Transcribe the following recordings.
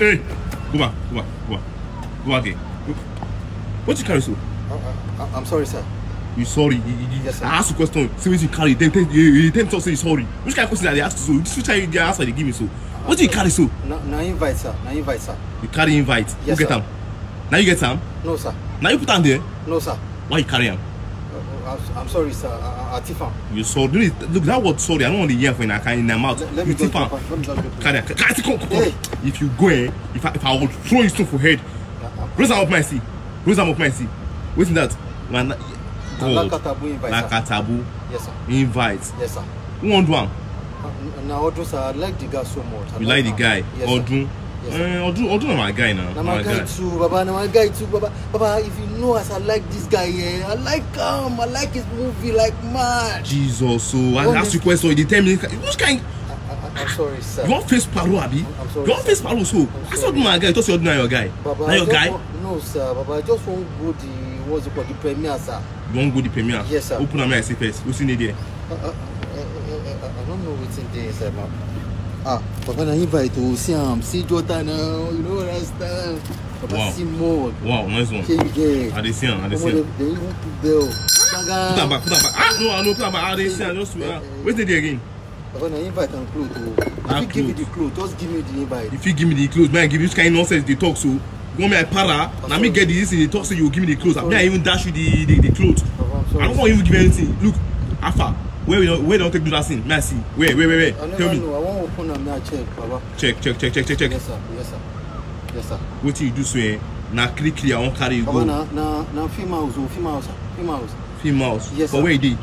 Hey, go back, go back, go back. Go back again. What you carry so? I, I, I'm sorry, sir. You sorry? You, you, yes, sir. I asked a question. See what you carry. Then tell you, you tell me say you sorry. Which kind of question they ask you so? Which kind of answer they give me so? What do you uh, carry so? No na invite, sir. No invite, sir. You carry invite. Yes, Who get them. Now you get him? No, sir. Now you put them there? No, sir. Why you carry them? Uh, uh, I'm sorry, sir. Uh, Atifam. You sold it. Look, that word sorry. I don't want to hear when I can in my mouth. Let, me just Let me just come, come. If you go, eh, if I, if I will throw you stuff for head. Raise up my seat. Raise up my seat. Wait in that. Man, God. Lakatabu invite. Lakatabu. Yes, sir. Invite. Yes, sir. Who want one? Now, Odun, sir. I like the guy so much. you like, the guy? Yes, Sir. Odun eh, Odun na my guy now. Na my, my guy, guy too, Baba. Na my guy too, Baba. Baba, if you know as I like this guy, eh? I like him. I like his movie like mad. Jesus, so I ask you question. You tell me which kind. I'm sorry, sir. You want face Paro, Abi? I'm, I'm sorry. You want face Paro, so that's not my guy. You thought you're not your guy. Baba, not your guy. Want, no, sir, Baba. I just want go the what's it called the premiere, sir. You want go the premiere? Yes, sir. Open am I see first. What's in there? I, I, I, I, I don't know what's in there, sir, ma'am ah, Papa na invite to see him, see Jota now, eh, oh, you know what I stand. Papa wow. see more. Wow, nice one. King Gay. I dey see him, I dey see him. They even put oh. ah, bell. Put am back, put am back. Ah, no, I no, put am back. Ah, I dey see him, just wait. Wait till they again. Papa na invite and clothes. Oh. Ah, If you give me the clothes, just give me the invite. If you give me the clothes, I give you this kind of nonsense they talk so. You want me I para, now me get this and they talk so you give me the clothes. Me I even dash you the, the, the clothes. I don't want even give anything. Look, Alpha, where we don where don't take do that thing may i see where where where, where? I tell me. i wan open am na check baba. check check check check check check. yes sir yes sir yes sir. wetin you do so eh na kiri kiri i wan carry you go. baba na na na female, house o film house Female. house. film house yes, for sir. where e dey.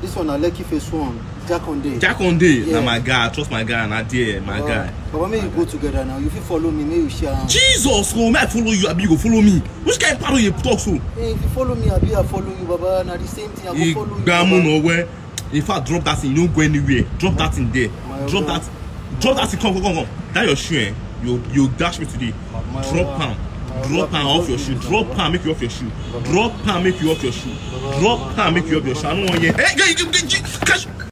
this one na lekki face one Jakonde. Jakonde, yeah. na my guy, I trust my guy, na there, my uh, guy. Baba, make you go together now. You fit follow me, make you share. Jesus, oh, may I follow you, abi you go follow me. Which kind of paro you talk so? Hey, if you follow me, abi I follow you, Baba. Na the same thing, I go follow you. Igbamu nowhere. In fact, drop that thing. You don't go anywhere. Drop that thing there. drop that. Drop that thing. Come, come, come, come. That your shoe, eh? You, you dash me today. My drop am. drop palm off your shoe drop palm make you off your shoe drop palm make you off your shoe drop palm make you off your shoe i no wan hear.